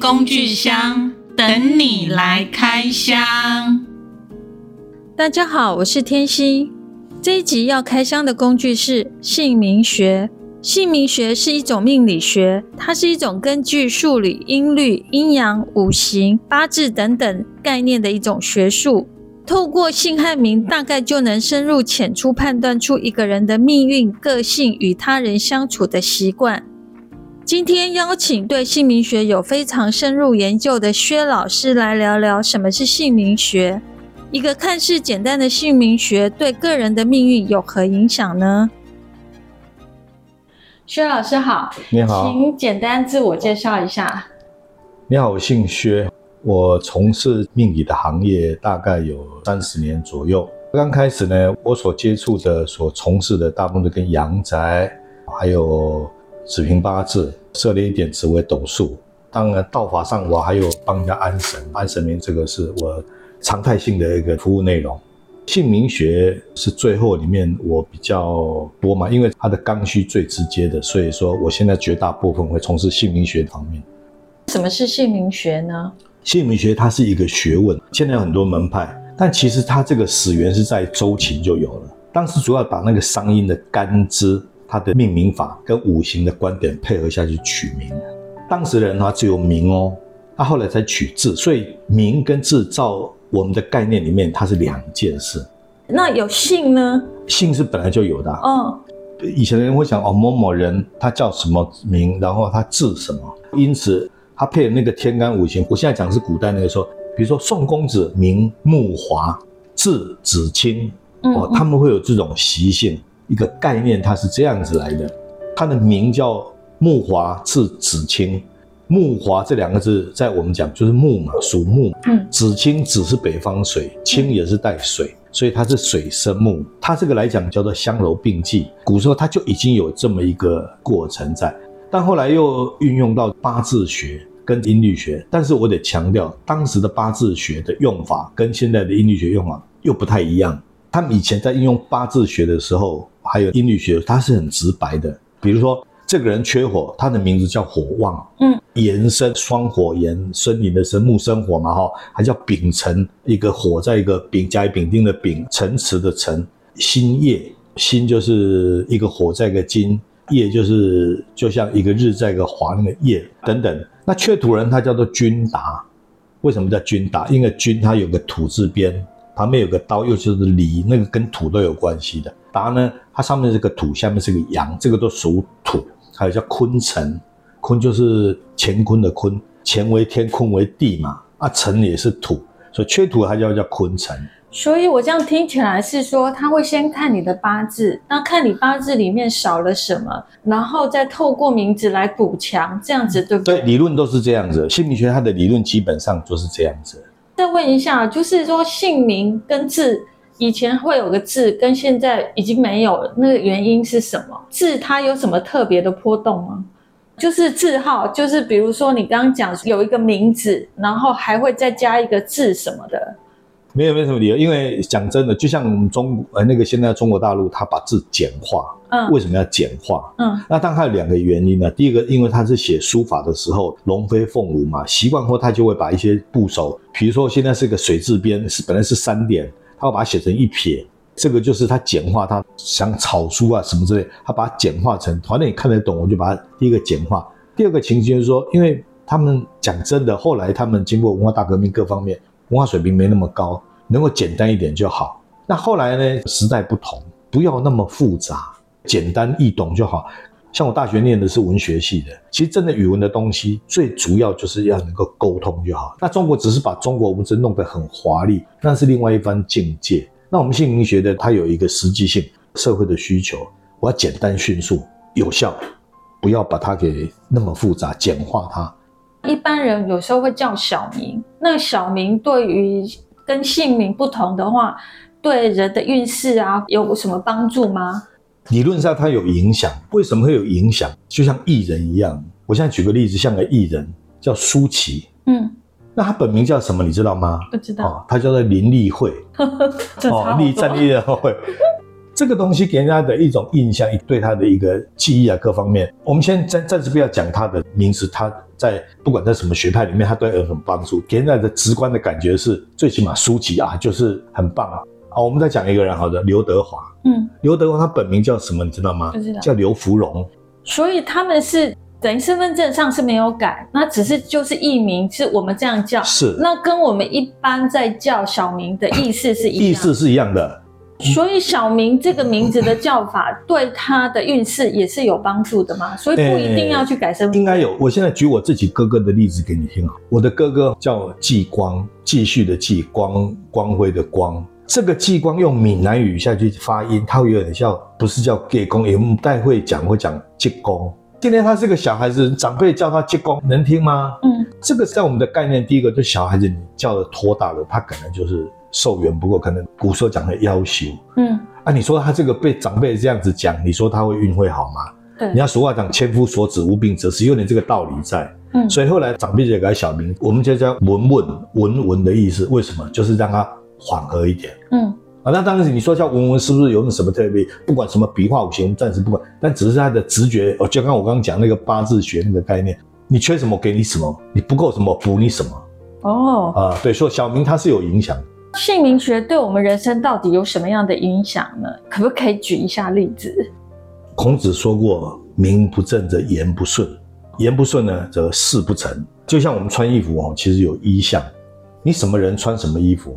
工具箱等你來開箱。大家好，我是天心，這一集要開箱的工具是姓名學。姓名學是一種命理學，它是一種根據數理、音律、陰陽、五行、八字等等概念的一種學術。透過姓和名，大概就能深入淺出判斷出一個人的命運、個性與他人相處的習慣。今天邀請對姓名學有非常深入研究的薛老師來聊聊什麼是姓名學。一個看似簡單的姓名學，對個人的命運有何影響呢？薛老師好，你好，請簡單自我介紹一下。你好，我姓薛，我從事命理的行業大概有三十年左右。剛開始呢，我所接觸的、所從事的，大部分跟陽宅還有，子平八字設立一點紫微斗數，只為斗術。當然，道法上我還有幫人家安神、安神明這個是我常態性的一個服務內容。姓名學是最後裡面我比較多嘛，因為它的剛需最直接的，所以說我現在絕大部分會從事姓名學方面。什麼是姓名學呢？姓名學它是一個學問，現在有很多門派，但其實它這個始源是在周秦就有了，當時主要把那個商音的干支。它的命名法跟五行的觀點配合下去取名，當時人呢只有名哦、喔，他後來才取字，所以名跟字照我們的概念裡面，它是兩件事。那有姓呢？姓是本來就有的、啊。嗯、哦，以前的人會想哦，某某人他叫什麼名，然後他字什麼，因此他配合那個天干五行。我現在講是古代那個時候，比如說宋公子名木華，字子清，哦，嗯嗯他們會有這種習性。一個概念，它是這樣子來的，它的名叫木華，字子清。木華這兩個字在我們講就是木嘛，屬木。嗯，子清子是北方水，清也是帶水，所以它是水生木。它這個來講叫做相柔並濟。古時候它就已經有這麼一個過程在，但後來又運用到八字學跟音律學。但是我得強調，當時的八字學的用法跟現在的音律學用法又不太一樣。他們以前在運用八字學的時候。還有音律學，它是很直白的。比如說，這個人缺火，他的名字叫火旺。嗯，炎森雙火炎森林的森木生火嘛，哈，還叫丙辰，一個火在一個丙，甲乙丙丁的丙，辰池的辰，辛夜辛就是一個火在一個金，夜就是就像一個日在一個華的夜等等。那缺土人他叫做君達，為什麼叫君達？因為君他有個土字邊，旁邊有個刀，又就是犁，那個跟土都有關係的。答呢，它上面是個土，下面是個羊，這個都屬土，還有叫坤辰，坤就是乾坤的坤，乾為天，坤為地嘛，啊，辰也是土，所以缺土它叫叫坤辰。所以我這樣聽起來是說，他會先看你的八字，那看你八字裡面少了什麼，然後再透過名字來補強，這樣子、嗯、對不對？對，理論都是這樣子，姓名、嗯、學它的理論基本上就是這樣子。再問一下，就是說姓名跟字。以前會有個字，跟現在已經沒有了。那個原因是什麼？字它有什麼特別的波動嗎？就是字號，就是比如說你剛剛講有一個名字，然後還會再加一個字什麼的。沒有，沒有什麼理由。因為講真的，就像我們中國呃那個現在中國大陸，它把字簡化。嗯。為什麼要簡化？嗯。那當然還有兩個原因呢。第一個，因為他是寫書法的時候龍飛鳳舞嘛，習慣後他就會把一些部首，比如說現在是個水字邊，是本來是三點。他要把它寫成一撇，這個就是他簡化，他想草書啊什麼之類，他把它簡化成。反正你看得懂，我就把它第一個簡化。第二個情形就是說，因為他們講真的，後來他們經過文化大革命各方面，文化水平沒那麼高，能夠簡單一點就好。那後來呢，時代不同，不要那麼複雜，簡單易懂就好。像我大學念的是文學系的，其實真的語文的東西，最主要就是要能夠溝通就好。那中國只是把中國文字弄得很華麗，那是另外一番境界。那我們姓名學的，它有一個實際性，社會的需求，我要簡單、迅速、有效，不要把它給那麼複雜，簡化它。一般人有時候會叫小名，那小名對於跟姓名不同的話，對人的運勢啊有什麼幫助嗎？理論上它有影響，為什麼會有影響？就像藝人一樣，我現在舉個例子，像個藝人叫舒淇，嗯，那他本名叫什麼，你知道嗎？不知道。哦，他叫做林立慧，呵呵哦，立戰立人慧， 這個東西給人家的一種印象，對他的一個記憶啊，各方面，我們先在暫暫時不要講他的名字，他在不管在什麼學派裡面，他對人很幫助，給人家的直觀的感覺是，最起碼舒淇啊，就是很棒啊。好、哦，我們再講一個人好，好的，劉德華。嗯，劉德華他本名叫什麼，你知道嗎？不知道，叫劉福榮。所以他們是等於身份證上是沒有改，那只是就是藝名，是我們這樣叫。是。那跟我們一般在叫小明的意思是一樣的。意思是一樣的。所以小明這個名字的叫法對他的運勢也是有幫助的嘛？所以不一定要去改身份。欸欸、應該有。我現在舉我自己哥哥的例子給你聽哈，我的哥哥叫繼光，繼續的繼光，光輝的光。這個濟公用閩南語下去發音，他會有點像，不是叫濟公，也不太會講會講濟公。今天他是個小孩子，長輩叫他濟公，能聽嗎？嗯，這個在我們的概念，第一個，就小孩子你叫的拖大了，他可能就是壽元不夠，可能古時候講的要求。嗯，啊，你說他這個被長輩這樣子講，你說他會運會好嗎？對，你要俗話講，千夫所指，無病則死，有點這個道理在。嗯，所以後來長輩就給他小名，我們就叫文文，文文的意思，為什麼？就是讓他。緩和一點，嗯，啊，那當時你說叫文文是不是有什麼特別？不管什麼筆畫五行，暫時不管，但只是他的直覺，哦，就剛我剛剛講那個八字學那個概念，你缺什麼給你什麼，你不夠什麼補你什麼，哦，啊，對，所以小明他是有影響。姓名學對我們人生到底有什麼樣的影響呢？可不可以舉一下例子？孔子說過：“名不正則言不順，言不順呢則事不成。”就像我們穿衣服哦，其實有衣相，你什麼人穿什麼衣服。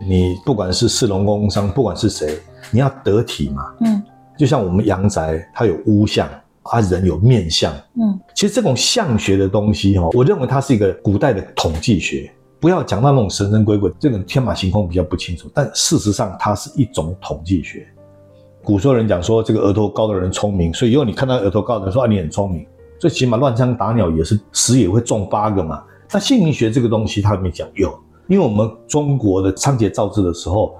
你不管是士農工商，不管是誰，你要得體嘛。嗯，就像我們陽宅，它有屋相，啊，人有面相。嗯，其實這種相學的東西，哈，我認為它是一個古代的統計學。不要講到那種神神鬼鬼，這個天馬行空比較不清楚。但事實上，它是一種統計學。古時候人講說，這個額頭高的人聰明，所以如果你看到額頭高的人說，說啊你很聰明，最起碼亂槍打鳥也是死也會中八個嘛。那姓名學這個東西，它沒講有。因為我們中國的倉頡造字的時候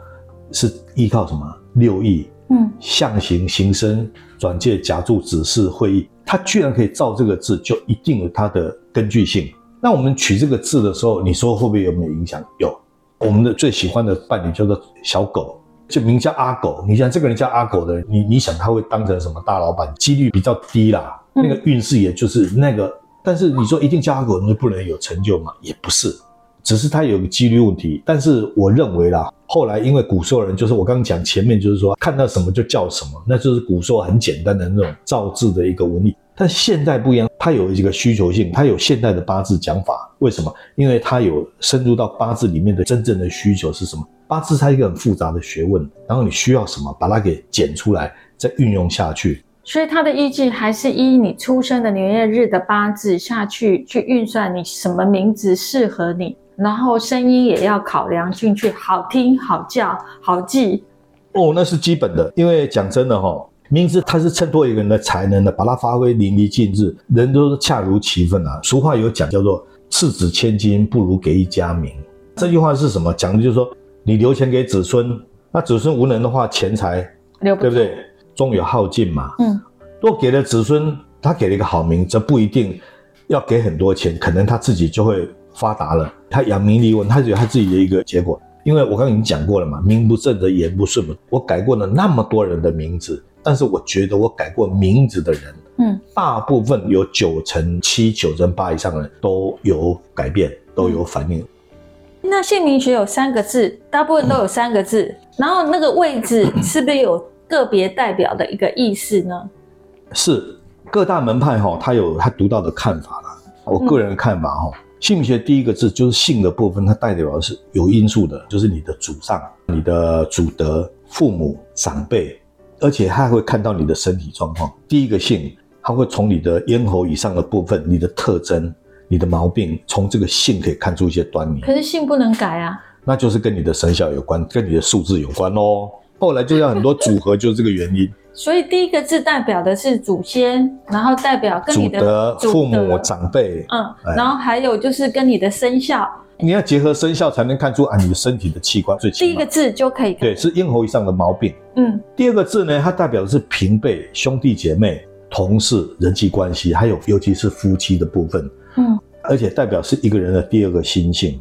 是依靠什麼六義，嗯，象形、形聲、轉注、假借、指事、會意，它居然可以造這個字，就一定有它的根據性。那我們取這個字的時候，你說會不會有沒有影響？有，我們的最喜歡的伴侶叫做小狗，就名叫阿狗。你想這個人叫阿狗的人，你你想他會當成什麼大老闆？幾率比較低啦，那個運勢也就是那個。但是你說一定叫阿狗那不能有成就嗎？也不是。只是它有個幾率問題，但是我認為啦，後來因為古時候人就是我剛剛講前面就是說看到什麼就叫什麼，那就是古時候很簡單的那種造字的一個文藝。但現在不一樣，它有一個需求性，它有現代的八字講法。為什麼？因為它有深入到八字裡面的真正的需求是什麼？八字它一個很複雜的學問，然後你需要什麼，把它給剪出來，再運用下去。所以他的依據還是依,依你出生的年月日的八字下去去運算，你什麼名字適合你。然後聲音也要考量進去，好聽、好叫、好記。哦，那是基本的。因為講真的哈、哦，名字它是襯托一個人的才能的，把它發揮淋漓盡致，人都是恰如其分啊。俗話有講叫做“賜子千金，不如給一家名”。這句話是什麼？講的就是說，你留錢給子孫，那子孫無能的話，錢財留不住，對不對？終有耗盡嘛。嗯。若給了子孫，他給了一個好名，則不一定要給很多錢，可能他自己就會。發達了，他揚名立萬，他有他自己的一個結果。因為我剛剛已經講過了嘛，名不正則言不順嘛。我改過了那麼多人的名字，但是我覺得我改過名字的人，嗯，大部分有九成七、九成八以上的人都有改變，都有反應。那姓名學有三個字，大部分都有三個字，嗯、然後那個位置是不是有個別代表的一個意思呢？是各大門派哈、哦，他有他獨到的看法了。我個人的看法哈、哦。嗯姓名學第一個字就是姓的部分，它代表的是有因素的，就是你的祖上、你的祖德、父母、長輩，而且他還會看到你的身體狀況。第一個姓，他會從你的咽喉以上的部分、你的特徵、你的毛病，從這個姓可以看出一些端倪。可是姓不能改啊，那就是跟你的生肖有關，跟你的數字有關哦。後來就像很多組合，就是這個原因。 所以第一個字代表的是祖先，然後代表跟你的父母，德父母長輩。嗯，然後還有就是跟你的生肖，哎、你要結合生肖才能看出啊，你的身體的器官最輕。第一個字就可以看。對，是咽喉以上的毛病。嗯。第二個字呢，它代表的是平輩、兄弟姐妹、嗯、同事、人際關係，還有尤其是夫妻的部分。嗯，而且代表是一個人的第二個心性。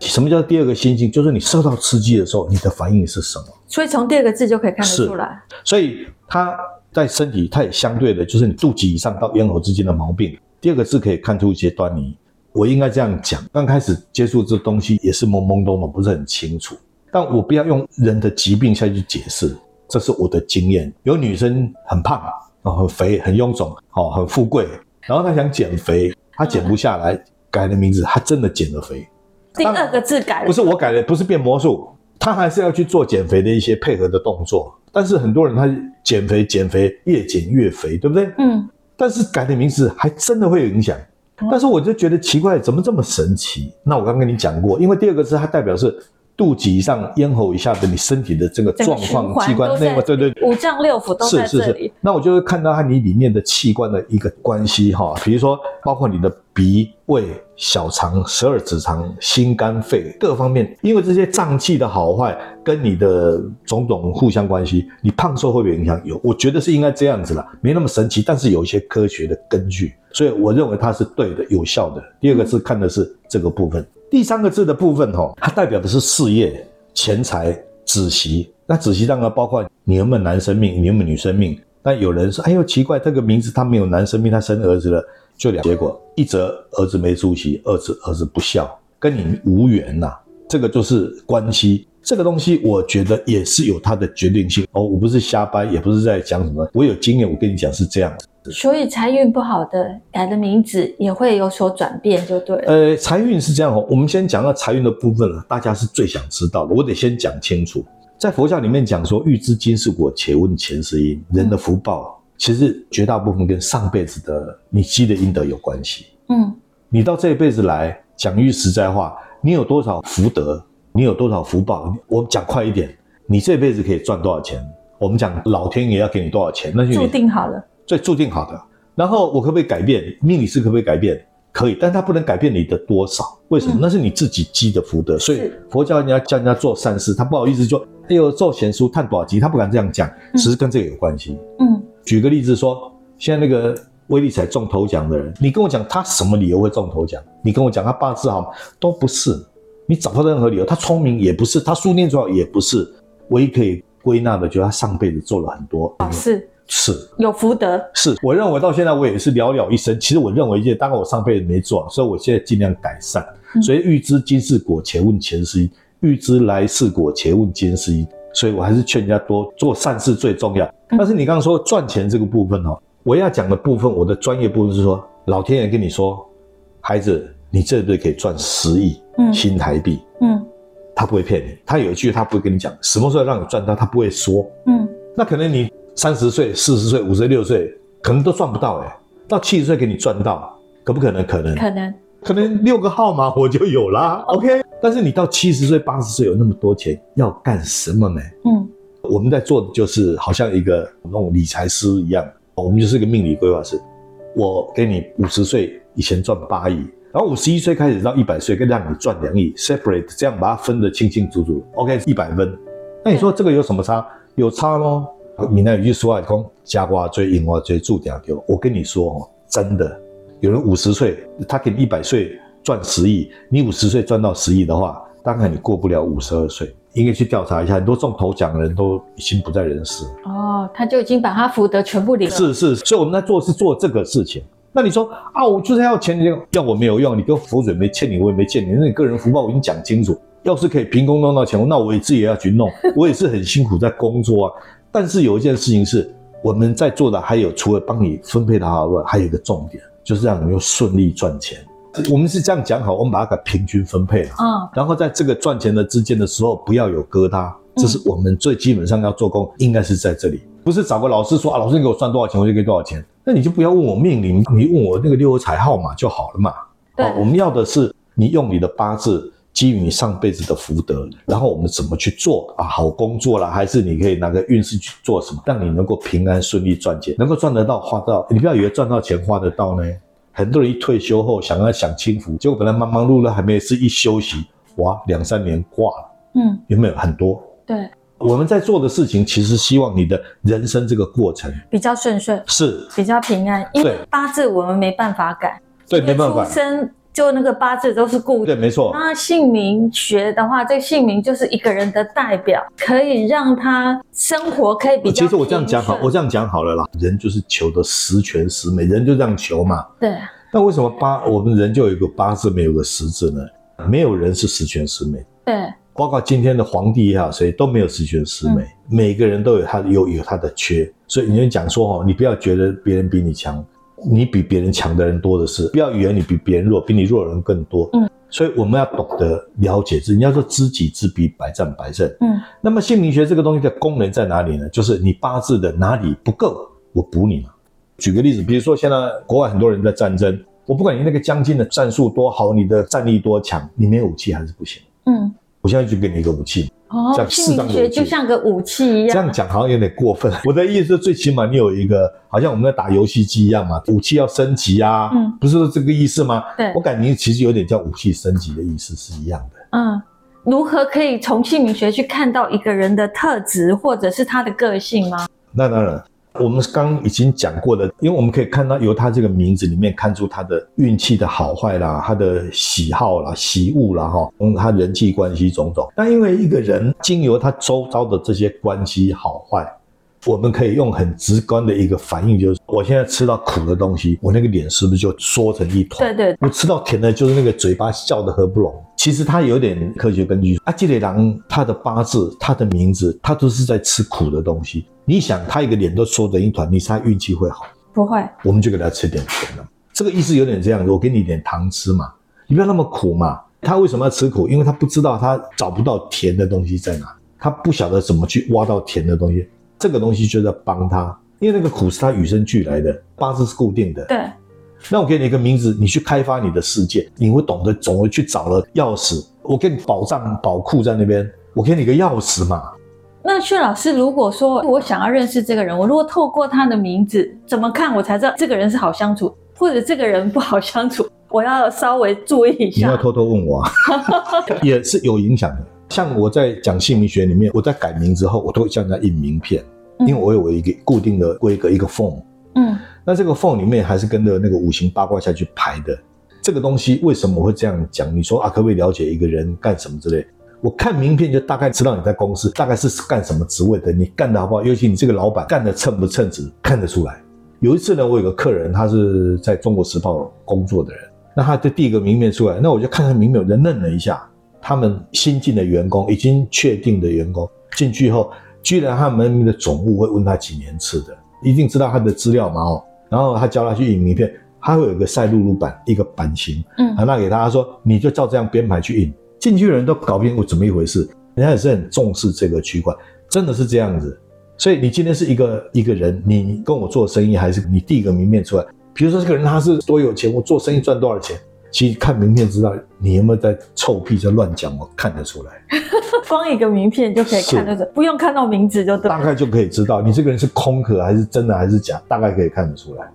什麼叫第二個心境？就是你受到刺激的時候，你的反應是什麼？所以從第二個字就可以看得出來。所以他在身體，他也相對的，就是你肚臍以上到咽喉之間的毛病，第二個字可以看出一些端倪。我應該這樣講，剛開始接觸這東西也是懵懵懂懂，不是很清楚。但我不要用人的疾病下去解釋，這是我的經驗。有女生很胖，啊哦，很肥，很臃腫，哦，很富貴，然後她想減肥，她減不下來，嗯、改了名字，她真的減了肥。第二個字改了，不是我改的，不是變魔術，他還是要去做減肥的一些配合的動作。但是很多人他減肥減肥越減越肥，對不對？嗯。但是改的名字還真的會有影響，但是我就覺得奇怪，怎麼這麼神奇？那我剛跟你講過，因為第二個字它代表是。肚臍上、咽喉以下的你身體的這個狀況、器官、內、對對，五臟六腑都在是是是這裡。那我就會看到它你裡面的器官的一個關係哈、哦，比如說包括你的鼻、胃、小腸、十二指腸、心、肝、肺各方面，因為這些臟器的好壞跟你的種種互相關係，你胖瘦會不會影響？有，我覺得是應該這樣子啦，沒那麼神奇，但是有一些科學的根據，所以我認為它是對的、有效的。第二個是看的是這個部分。第三個字的部分、哦，哈，它代表的是事業、錢財、子息。那子息當然包括你有沒有男生命，你有沒有女生命。那有人說，哎呦，奇怪，這個名字他沒有男生命，他生兒子了，就兩個結果，一則兒子沒出息，二則兒子不孝，跟你無緣吶、啊。這個就是關係，這個東西我覺得也是有它的決定性哦。我不是瞎掰，也不是在講什麼，我有經驗，我跟你講是這樣子。所以財運不好的改的名字也會有所轉變，就對了。呃，財運是這樣哦。我們先講到財運的部分了，大家是最想知道的。我得先講清楚，在佛教裡面講說，欲知今世果，且問前世因。人的福報，嗯、其實絕大部分跟上輩子的你積的陰德有關係。嗯，你到這一輩子來講，句實在話，你有多少福德，你有多少福報？我講快一點，你這輩子可以賺多少錢？我們講老天爺要給你多少錢，那就注定好了。所以注定好的，然後我可不可以改變，命理師可不可以改變？可以，但他不能改變你的多少，為什麼？那是你自己積的福德。嗯、所以佛教人家教人家做善事，是他不好意思說：“哎呦，做賢書、探多少集，他不敢這樣講，其實跟這個有關係、嗯。嗯，舉個例子說，現在那個威力彩中頭獎的人，你跟我講他什麼理由會中頭獎？你跟我講他八字好嗎，都不是。你找不到任何理由，他聰明也不是，他書念最好也不是。唯一可以歸納的，就是他上輩子做了很多好事。是。是，有福德。是，我認為到現在我也是了了一生。其實我認為一件，當然我上輩子沒做，所以我現在盡量改善。嗯、所以欲知今世果，且問前世因；欲知來世果，且問今世因。所以我還是勸人家多做善事最重要。嗯、但是你剛剛說賺錢這個部分哦、喔，我要講的部分，我的專業部分是說，老天爺跟你說，孩子，你這輩可以賺十億新台幣。嗯，他不會騙你，他有一句他不會跟你講，什麼時候讓你賺到，他不會說。嗯，那可能你。三十歲、四十歲、五十歲、六十歲，可能都賺不到誒、欸、到七十歲給你賺到，可不可能？可能，可能，可能六個號碼我就有啦。嗯、OK。但是你到七十歲、八十歲有那麼多錢，要幹什麼呢？嗯，我們在做的就是好像一個那種理財師一樣，我們就是一個命理規劃師。我給你五十歲以前賺八億，然後五十一歲開始到一百歲，跟讓你賺兩億，Separate，這樣把它分得清清楚楚。OK，一百分。那你說這個有什麼差？對 有差嘍。你那有一句說話，講家瓜最硬，瓜最注兩條。我跟你說哦，真的，有人五十歲，他給你一百歲賺十億；你五十歲賺到十億的話，大概你過不了五十二歲。應該去調查一下，很多中頭獎的人都已經不在人世了。哦，他就已經把他福德全部領了。是是，所以我們在做是做這個事情。那你說啊，我就算要錢，要我沒有用？你跟福水沒欠你，我也沒欠你。那你個人福報我已經講清楚。要是可以憑空弄到錢，那我也自己也要去弄。我也是很辛苦在工作啊。 但是有一件事情是我們在做的。還有除了幫你分配的好，還有一個重點，就是讓你能夠順利賺錢。我們是這樣講，好，我們把它給平均分配了啊。然後在這個賺錢的之間的時候，不要有疙瘩，這是我們最基本上要做工，應該是在這裡，不是找個老師說啊，老師你給我賺多少錢，我就給你多少錢。那你就不要問我命名，你問我那個六合彩號碼就好了嘛。對，我們要的是你用你的八字。基於你上輩子的福德，然後我們怎麼去做啊？好工作啦，還是你可以拿個運勢去做什麼，讓你能夠平安順利賺錢，能夠賺得到花到。你不要以為賺到錢花得到呢。很多人一退休後想要享清福，結果可能忙忙碌碌還沒事，一休息哇，兩三年掛了。嗯，有沒有很多？對，我們在做的事情其實希望你的人生這個過程比較順順，是比較平安。因為八字我們沒辦法改，對，沒辦法就那個八字都是固定的，對，沒錯。那姓名學的話，這個、姓名就是一個人的代表，可以讓他生活可以比較。其實我這樣講好，我這樣講好了啦。人就是求的十全十美，人就這樣求嘛。對。那為什麼八？我們人就有一個八字，沒有個十字呢？沒有人是十全十美。對。包括今天的皇帝也好，誰都沒有十全十美，嗯、每個人都有他的優，有他的缺。所以你就講說哦，你不要覺得別人比你強。你比別人強的人多的是，不要以為你比別人弱，比你弱的人更多。嗯，所以我們要懂得了解自己，你要說知己知彼，百戰百勝。嗯，那麼姓名學這個東西的功能在哪裡呢？就是你八字的哪裡不夠，我補你嘛。舉個例子，比如說現在國外很多人在戰爭，我不管你那個將軍的戰術多好，你的戰力多強，你沒有武器還是不行。嗯，我現在就給你一個武器。哦，姓名學就像個武器一樣，這樣講好像有點過分。我的意思是，最起碼你有一個，好像我們在打遊戲機一樣嘛，武器要升級啊，嗯，不是說這個意思嗎？對，我感覺其實有點叫武器升級的意思是一樣的。嗯，如何可以從姓名學去看到一個人的特質或者是他的個性嗎？那當然。我們剛已經講過的，因為我們可以看到，由他這個名字裡面看出他的運氣的好壞啦，他的喜好啦、喜惡啦，哈，嗯，他人際關係種種。但因為一個人，經由他周遭的這些關係好壞。我們可以用很直觀的一個反應，就是我現在吃到苦的東西，我那個臉是不是就縮成一團？對對、對，我吃到甜的，就是那個嘴巴笑得合不攏。其實他有點科學根據，阿基里狼他的八字，他的名字，他都是在吃苦的東西。你想，他一個臉都縮成一團，你猜運氣會好？不會。我們就給他吃點甜的，這個意思有點這樣。我給你點糖吃嘛，你不要那麼苦嘛。他為什麼要吃苦？因為他不知道，他找不到甜的東西在哪，他不曉得怎麼去挖到甜的東西。這個東西就在幫他，因為那個苦是他與生俱來的，八字是固定的。對，那我給你一個名字，你去開發你的世界，你會懂得，總會去找了鑰匙。我給你寶藏寶庫在那邊，我給你個鑰匙嘛。那薛老師，如果說我想要認識這個人，我如果透過他的名字怎麼看，我才知道這個人是好相處，或者這個人不好相處，我要稍微注意一下？你要偷偷問我，啊， 也是有影響的。像我在講姓名學裡面，我在改名之後，我都會叫人家印名片，嗯、因為我有我一個固定的規格一個 form。嗯，那這個 form 裡面還是跟着那個五行八卦下去排的。這個東西為什麼我會這樣講？你說啊，可不可以了解一個人幹什麼之類？我看名片就大概知道你在公司大概是幹什麼職位的，你幹得好不好，尤其你這個老闆幹得稱不稱職，看得出來。有一次呢，我有個客人，他是在《中國時報》工作的人，那他的第一個名片出來，那我就看看名片，我就愣了一下。他們新進的員工，已經確定的員工進去後，居然他們的總務會問他幾年次的，一定知道他的資料嘛？哦、喔，然後他叫他去印名片，他會有一個曬露露版，一個版型，嗯，拿給大家說你就照這樣編排去印。進去的人都搞不清楚怎麼一回事，人家也是很重視這個區塊，真的是這樣子。所以你今天是一個一個人，你跟我做生意還是你第一個名片出來，比如說這個人他是多有錢，我做生意賺多少錢？其實看名片知道你有沒有在臭屁在亂講，我看得出來。 光一個名片就可以看得出來，不用看到名字就大概就可以知道你這個人是空殼還是真的還是假，大概可以看得出來。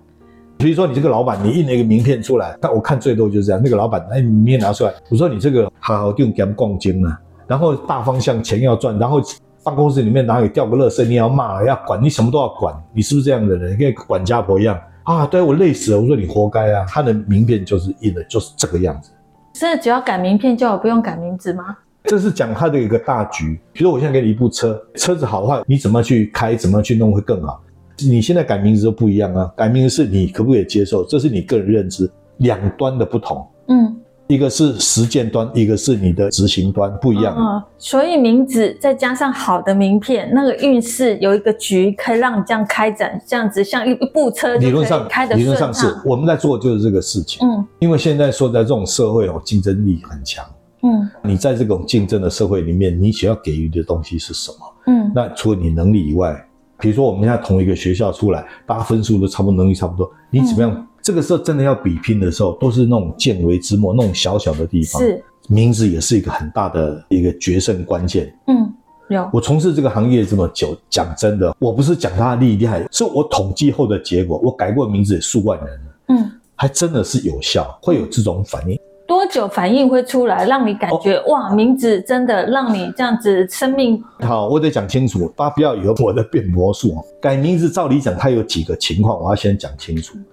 比如說你這個老闆，你印了一個名片出來，那我看最多就是這樣。那個老闆，哎，你名片拿出來，我說你這個好好用錢逛街呢，然後大方向錢要賺，然後辦公室裡面哪裡掉個垃圾，你要罵，要管你什麼都要管，你是不是這樣的人？跟管家婆一樣。啊，對，我累死了！我說你活該啊！他的名片就是印的，就是這個樣子。現在只要改名片，就好不用改名字嗎？這是講他的一個大局。比如說，我現在給你一部車，車子好壞，你怎麼去開，怎麼去弄會更好？你現在改名字都不一樣啊！改名字是你可不可以接受？這是你個人認知，兩端的不同。嗯。一個是實踐端，一個是你的執行端，不一樣、哦。所以名字再加上好的名片，那個運勢有一個局，可以讓你這樣開展，這樣子像一一部車就開始，理論上，理論上是，我們在做的就是這個事情。嗯，因為現在說在這種社會哦、喔，競爭力很強。嗯，你在這種競爭的社會裡面，你想要給予的東西是什麼？嗯，那除了你能力以外，比如說我們現在同一個學校出來，大家分數都差不多，能力差不多，你怎麼樣？嗯這個時候真的要比拼的時候，都是那種見微知著，那種小小的地方，是名字也是一個很大的一個決勝關鍵。嗯，有。我從事這個行業這麼久，講真的，我不是講他厲不厲害，是我統計後的結果。我改過名字也數萬人，嗯，還真的是有效，會有這種反應。多久反應會出來？讓你感覺、哦、哇，名字真的讓你這樣子生命好？我得講清楚，大家不要以為我在變魔術哦，改名字照理講，它有幾個情況，我要先講清楚。嗯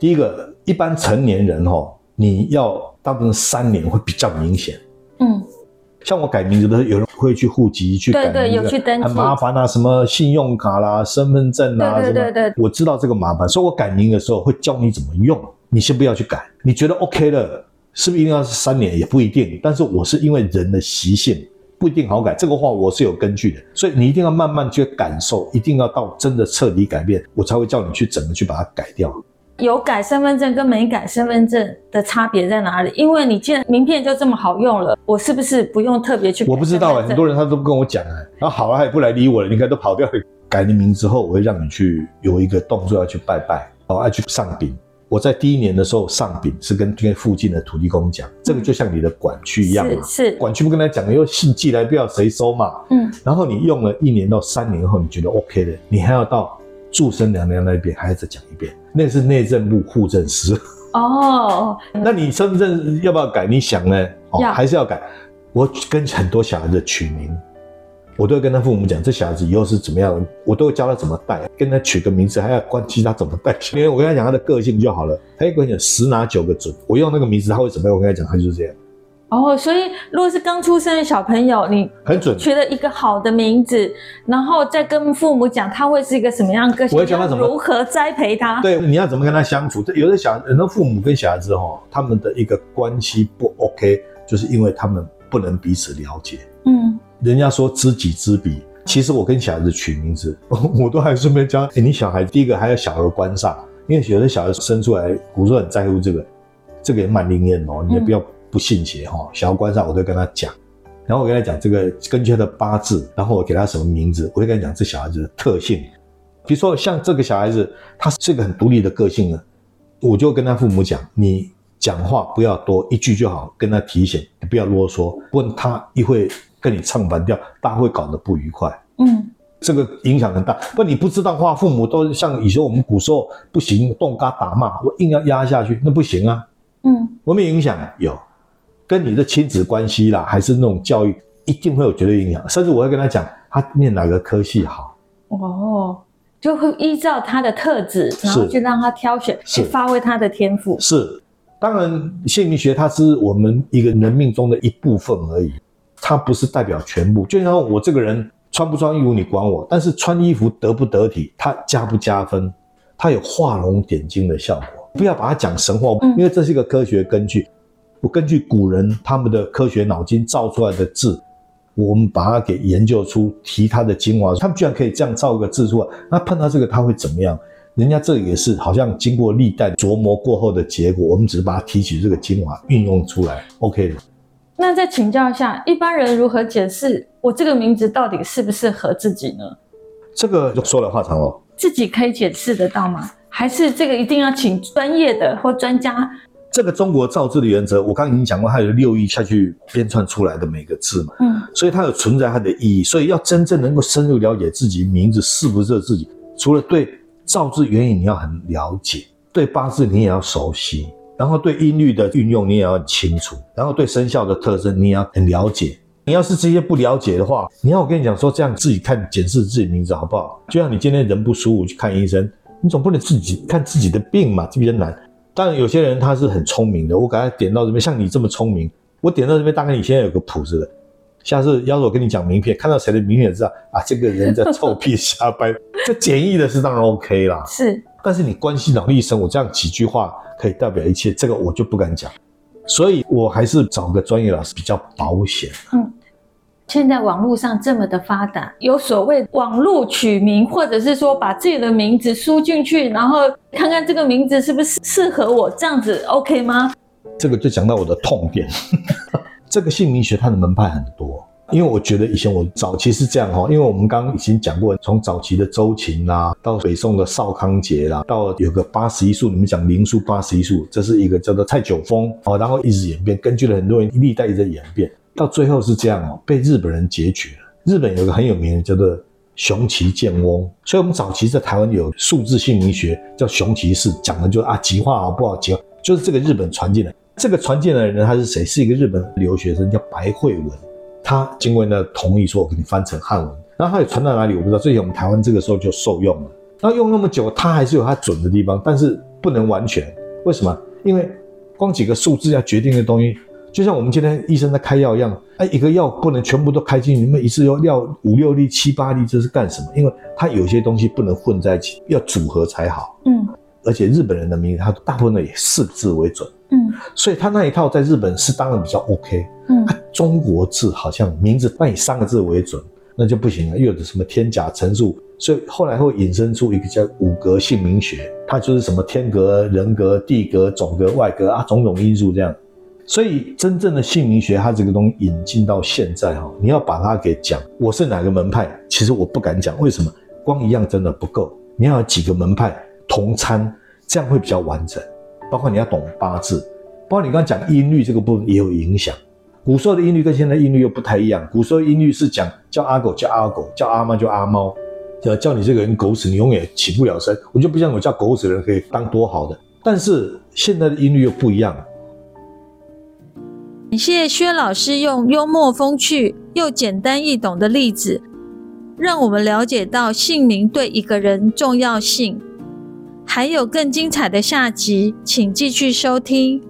第一個，一般成年人哈，你要大部分三年會比較明顯。嗯，像我改名字的時候，有人會去戶籍去改名，對對，有去登記，很麻煩啊，什麼信用卡啦、身份證啦、啊、對對對對，什麼，我知道這個麻煩，所以我改名的時候會教你怎麼用。你先不要去改，你覺得 OK 了，是不是一定要是三年？也不一定。但是我是因為人的習性不一定好改，這個話我是有根據的，所以你一定要慢慢去感受，一定要到真的徹底改變，我才會叫你去整個去把它改掉。有改身份證跟沒改身份證的差別在哪裡？因為你既然名片就這麼好用了，我是不是不用特別去改？我不知道、欸，很多人他都跟我講、欸、啊，然後好了他也不來理我了，你看都跑掉了。改了名之後，我會讓你去有一個動作要去拜拜，哦，要去上稟。我在第一年的時候上稟是跟跟附近的土地公講，嗯、這個就像你的管區一樣嘛，是，是管區不跟他講，因為信寄來不要誰收嘛，嗯，然後你用了一年到三年後，你覺得 OK 的，你還要到。祝生娘娘那邊還要再講一遍，那是內政部戶政司哦。Oh. 那你身份證要不要改？你想呢？哦、Yeah. 還是要改？我跟很多小孩子取名，我都會跟他父母講，這小孩子以後是怎麼樣，我都會教他怎麼帶，跟他取個名字還要關心他怎麼帶。因為我跟他講他的個性就好了，他一個人講十拿九個準。我用那個名字他會怎麼樣？我跟他講他就是這樣。哦，oh, 所以如果是剛出生的小朋友，你很準，取了一個好的名字，準然後再跟父母講他會是一個什麼樣的個性，我會教他怎麼如何栽培他？對，你要怎麼跟他相處？有的小孩，很多父母跟小孩子哈，他們的一個關係不 OK，就是因為他們不能彼此了解。嗯，人家說知己知彼，其實我跟小孩子取名字，我都還順便教、欸。你小孩第一個還要小兒關煞，因為有的小孩生出來古時候很在乎這個，這個也蠻靈驗哦，你也不要。嗯不信邪哈，想要觀察我都跟他講。然後我跟他講這個，根據他的八字，然後我給他什麼名字，我會跟他講這小孩子的特性。比如說像這個小孩子，他是個很獨立的個性的，我就跟他父母講，你講話不要多一句就好，跟他提醒你不要囉嗦，問他一會跟你唱反調，大家會搞得不愉快。嗯，這個影響很大。不然你不知道話，父母都像以前我們古時候不行動嘎打罵，我硬要壓下去，那不行啊。嗯，有沒有影響、啊？有。跟你的親子關係啦，還是那種教育，一定會有絕對影響。甚至我會跟他講，他念哪個科系好哦，就會依照他的特質，然後去讓他挑選，是去發揮他的天賦。是，當然，姓名學它是我們一個人命中的一部分而已，它不是代表全部。就像我這個人穿不穿衣服你管我，但是穿衣服得不得體，它加不加分，它有畫龍點睛的效果。不要把它講神話，嗯、因為這是一個科學根據。我根據古人他們的科學腦筋造出來的字，我們把它給研究出提它的精華，他們居然可以這樣造一個字出來。那碰到這個它會怎麼樣？人家這也是好像經過歷代琢磨過後的結果，我們只是把它提取這個精華運用出來，OK 的。那再請教一下，一般人如何解釋我這個名字到底適不適合自己呢？這個就說來話長了。自己可以解釋得到嗎？還是這個一定要請專業的或專家？這個中國造字的原則，我剛剛已經講過，它有六藝下去編串出來的每個字嘛，嗯，所以它有存在它的意義，所以要真正能夠深入了解自己名字適不適合自己，除了對造字原因你要很了解，對八字你也要熟悉，然後對音律的運用你也要很清楚，然後對生肖的特徵你也要很了解。你要是這些不了解的話，你要我跟你講說，這樣自己看檢視自己名字好不好？就像你今天人不舒服去看醫生，你總不能自己看自己的病嘛，這比較難。但有些人他是很聰明的，我剛才點到這邊，像你這麼聰明，我點到這邊，大概你現在有個譜子了。下次要是我跟你講名片，看到誰的名片也知道啊，這個人在臭屁瞎掰。這 簡易的是當然 OK 啦，是。但是你關係到一生，我這樣幾句話可以代表一切，這個我就不敢講，所以我還是找個專業老師比較保險。嗯。現在網絡上這麼的發達，有所謂網絡取名，或者是說把自己的名字輸進去，然後看看這個名字是不是適合我，這樣子 OK 嗎？這個就講到我的痛點。這個姓名學它的門派很多，因為我覺得以前我早期是這樣哈，因為我們剛剛已經講過，從早期的周秦啦，到北宋的邵康節啦，到有個八十一數，你們講靈數八十一數，這是一個叫做蔡九峰，然後一直演變，根據了很多人，一歷代一直演變。到最後是這樣哦、喔，被日本人截取了。日本有個很有名的叫做熊崎健翁，所以我們早期在台灣有數字姓名學，叫熊崎氏，講的就是啊吉化啊不好吉化，就是這個日本傳進來，這個傳進來的人他是誰？是一個日本留學生叫白慧文，他經過那同意說，我給你翻成漢文，然後他也傳到哪裡我不知道。最近我們台灣這個時候就受用了，然後用那麼久，他還是有他準的地方，但是不能完全。為什麼？因為光幾個數字要決定的東西。就像我們今天醫生在開藥一樣，哎，一個藥不能全部都開進去，你們一次要要五六粒，七八粒，這是幹什麼？因為它有些東西不能混在一起，要組合才好。嗯，而且日本人的名字，他大部分以四字為準。嗯，所以他那一套在日本是當然比較 OK。嗯，中國字好像名字那以三個字為準，那就不行了。又有什麼天甲、陳述，所以後來會引申出一個叫五格姓名學，它就是什麼天格、人格、地格、總格、外格啊，種種因素這樣。所以，真正的姓名學，它這個東西引進到現在哈，你要把它給講，我是哪個門派，其實我不敢講，為什麼？光一樣真的不夠，你要有幾個門派同參，這樣會比較完整。包括你要懂八字，包括你剛剛講音律這個部分也有影響。古時候的音律跟現在音律又不太一樣，古時候音律是講叫阿狗叫阿狗，叫阿貓叫阿貓，叫你這個人狗屎，你永遠起不了身。我就不像我叫狗屎人可以當多好的，但是現在的音律又不一樣。感謝薛老師用幽默風趣又簡單易懂的例子，讓我們了解到姓名對一個人重要性。還有更精彩的下集，請繼續收聽。